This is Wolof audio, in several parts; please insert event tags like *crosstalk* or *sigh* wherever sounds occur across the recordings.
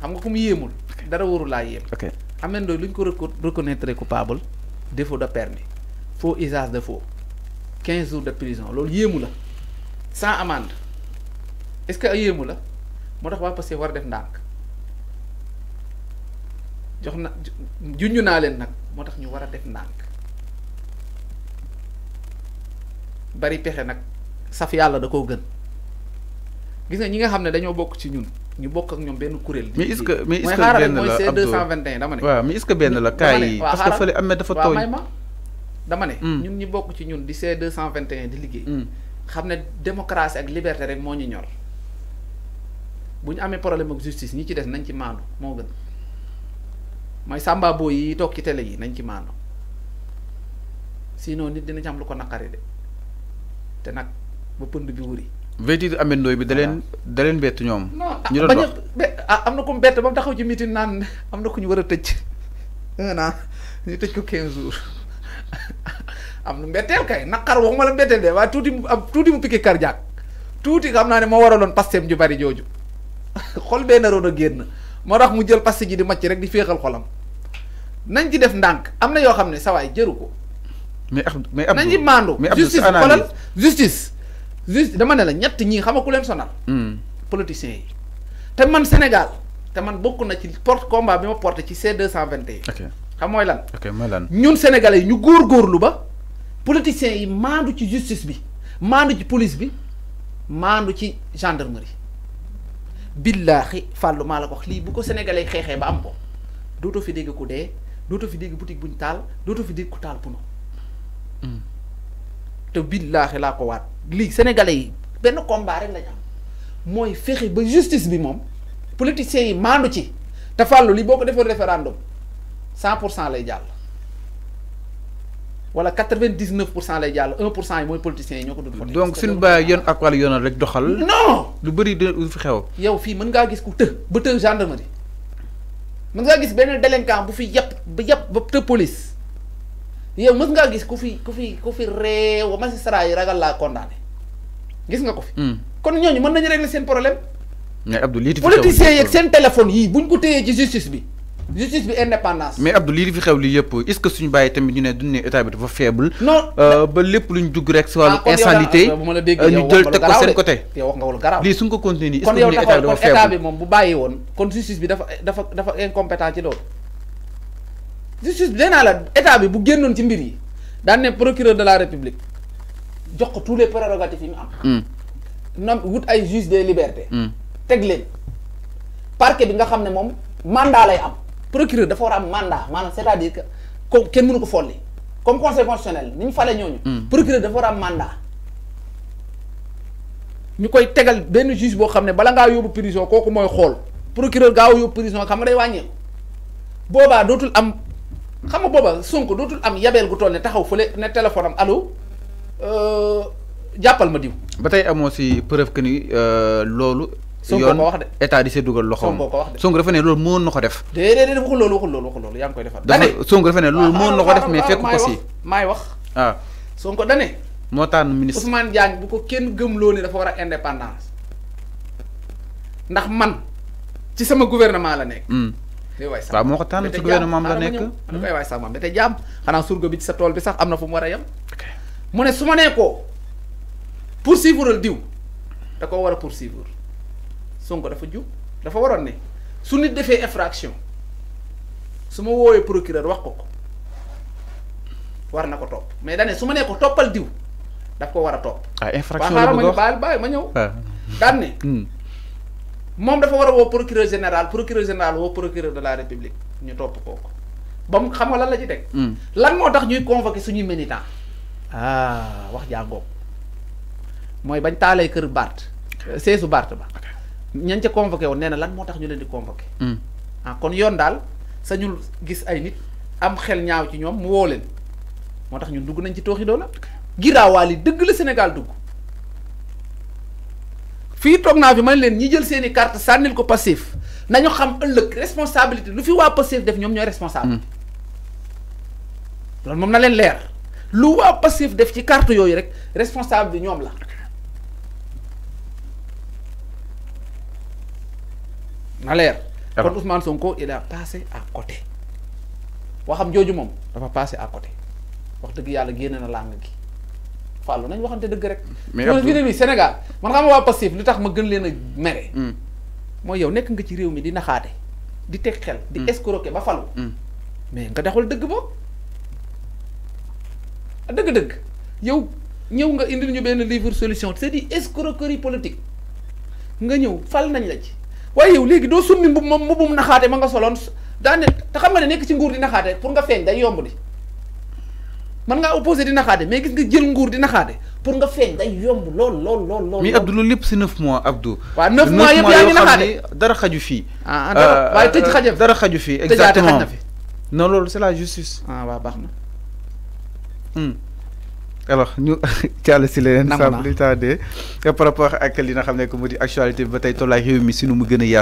xam nga fu mu yéemul dara waru laa yéem Ahmed Ndoye lu ñu ko reconnaître coupable défaut de permis faux isage de faux quinze jours de prison loolu yéemu la sans amende est-ce que yéemu la moo tax waa Pastef war a def ndànk jox na junj naa leen nag moo tax ñu war a def ndànk bari pexe nag saf yàlla da koo gën gis nga ñi nga xam ne dañoo bokk ci ñun ñu bokk ak ñoom benn kuréel. mais est-ce que benn la mooy C221 dama ne. waaw mais est-ce que benn la kaay yi parce que fële am na dafa tooy may ma dama ne. Hmm. ñun ñu bokk ci ñun di C221 di liggéey. Hmm. xam ne démocratie ak liberté rek moo ñu ñor bu ñu amee problème ak justice ñi ci des nañ ci maandu moo gën mooy sàmba yi toog ci télé yi nañ ci maandu sinon nit dina ci am lu ko naqari de te nag ba pënd bi wuri vétide amee Ndoye bi daleen da leen bett ñoom. ñu ah, doon wax ah, am na ku mu bett ba mu taxaw ci meeting naan am na ko ñu war a tëj un an ñu tëj ko 15 jours am na mbetteel kay naqar waxuma la mbetteel de waaye tuuti mu am tuuti mu piqué cardiaque tuuti xam naa ne moo waraloon pastem ju bari jooju *laughs* xol bee naroon a génn moo rax mu jël paste ji di màcc rek di féexal xolam nañ ci def ndànk am na yoo xam ne sawaay jëru ko. mais ab mais am nañ ci maandu. justice xoolal justice. juste dama ne la ñett ñii xam nga ku leen sonal. Hmm. politiciens yi. te man Sénégal te man bokk na ci porte combat bi ma porté ci C221. ok xam mooy lan. ok mooy lan ñun sénégalais yi ñu góorlu ba. politiciens yi maandu ci justice bi maandu ci police bi maandu ci gendarmerie. billaahi fàllu maa la ko wax lii bu ko sénégalais yi xeexee ba am ko dootoo fi dégg ku dee dootoo fi dégg boutique buñ taal dootoo fi dégg ku taal puno. Hmm. te billaahi laa ko waat. lii sénégalais yi benn combat rek lañu am mooy fexe ba justice bi moom politiciens yi maandu ci te fàllu li boo ko defee référendum cent pour cent lay jàll wala quatre-vingt-dix-neuf pour cent lay jàll un pour cent yi mooy politiciens yi ñoo ko dund donc suñu bàyyi yoon ak wàllu yoonal rek doxal non lu bari du fi xew yow fii mën ngaa gis ku të ba të gendarmerie mën ngaa gis benn délinquant bu fi yàpp ba yàpp ba të police yow mës ngaa gis ku fi ku fi ku fi réew magistrat ragal laa condamné gis nga ko fi. Hmm. kon ñooñu mën nañu régler seen problème. mais Abdou lii di fi xew politiciens yeeg seen téléphone ci justice bi. justice bi indépendance. mais Abdou lii di fi xew lii yëpp est-ce que suñu bàyyi tamit ñu ne duñ ne bi dafa faible. non euh, ba lépp luñ dugg rek si wàllu ah, insanité euh, ñu jël teg ko seen côté. yow wax nga wala lii suñ ko continué nii. est moom bu bàyyi woon kon justice bi dafa dafa dafa incompétent ci loolu justice bi naa la état bi bu génnoon ci mbir yi daan ne procureur de la république jox ko tous les prérogatives yi mu am. nam hmm. wut ay juge des libertés. Hmm. teg leen parquet bi nga xam ne moom mandat lay am. procureur dafa war am mandat maanaam c'est-à-dire que ko kenn mënu ko folli comme conseil constitutionnel ni ñu fale ñooñu. Hmm. procureur dafa war a am mandat. ñu koy tegal benn juge boo xam ne bala ngaa yóbbu prison kooku mooy xool procureur gaaw yóbbu prison xam nga day wàññeeku boobaa dootul am. xam nga booba Sonko dootul am yabeel gu toll ne taxaw fële ne téléphone am allo euh, jàppal ma diw. ba tey amoo si preuve que ni euh, loolu. Sonko ko wax de état di dugal loxoom. Sonko ko wax de Sonko dafa ne loolu mënoon na ko def. déedéet déedéet waxul loolu waxul loolu waxul loolu yaa ngi koy defar. dane Sonko dafa ne loolu ah, mënoon na ko def mais fekk ko si. maay wax waaw. Ah. Sonko dane moo tànn ministre Ousmane Diagne bu ko kenn gëmloo ne dafa war a indépendance ndax man ci sama gouvernement la nekk. Hmm. waaw hmm. moo ko tànn ci gouvernement am la nekk da koy waay surga bi ci sa tool bi sax am na fu mu war a yem mu ne su ma nee diw da ko war poursuivre Sonko dafa jub dafa waroon ne su nit defee infraction su ma procureur wax ko war na ko mais dane ko diw ko ah infraction la ma moom dafa war a woo procureur général procureur général woo procureur de la république ñu topp kooku ba mu xam nga lan la ci teg. Hmm. lan moo tax ñuy convoqué suñuy militant ah wax jàngoog mooy bañ taalee kër Bart euh, seesu barte ba. ñañ ca convoqué woon nee na lan moo tax ñu leen di convoqué. Hmm. Ah, kon yoon daal sañul gis ay nit am xel ñaaw ci ñoom mu woo leen moo tax ñun dugg nañ ci tooxi doona giraawaal yi dëgg la Sénégal dugg. fii toog naa fi man leen ñi jël seeni i carte sànnil ko passif nañu xam ëllëg responsabilité lu fi waa passif def ñoom ñooy responsable mm. loolu moom na leen leer lu waa passif def ci carte yooyu rek responsable bi ñoom la na leer kon Ousmane Sonko il a passé à côté waxam jooju moom dafa passé à côté wax dëgg yàlla génne na làng gi fàllu nañ waxante dëgg rek. mais ñu ne nii Sénégal man xam nga waa Pastef li tax ma gën leen a mere. Hmm. mooy yow nekk nga ci réew mi di naxaate di teg xel. di hmm. escroquer ba falu. Hmm. mais nga daxul dëgg ba dëgg-dëgg yow ñëw nga indi lu ñu benn livre solution c'est di escroquerie politique nga ñëw fal nañ la ci waaye yow léegi doo summi mbub moom mbubum naxaate ma nga soloon daane te xam nga ne nekk ci nguur di naxaate pour nga feeñ day yomb di. man nga opposé mais pour mois Abdou. mois dara xaju fi ah exactement non c'est la justice. ah Hmm. alors ñu ci *laughs* par rapport ak li nga ko que actualité mi mu euh,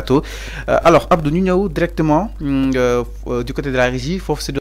alors Abdou ñu directement hmm, euh, euh, du côté de la régie que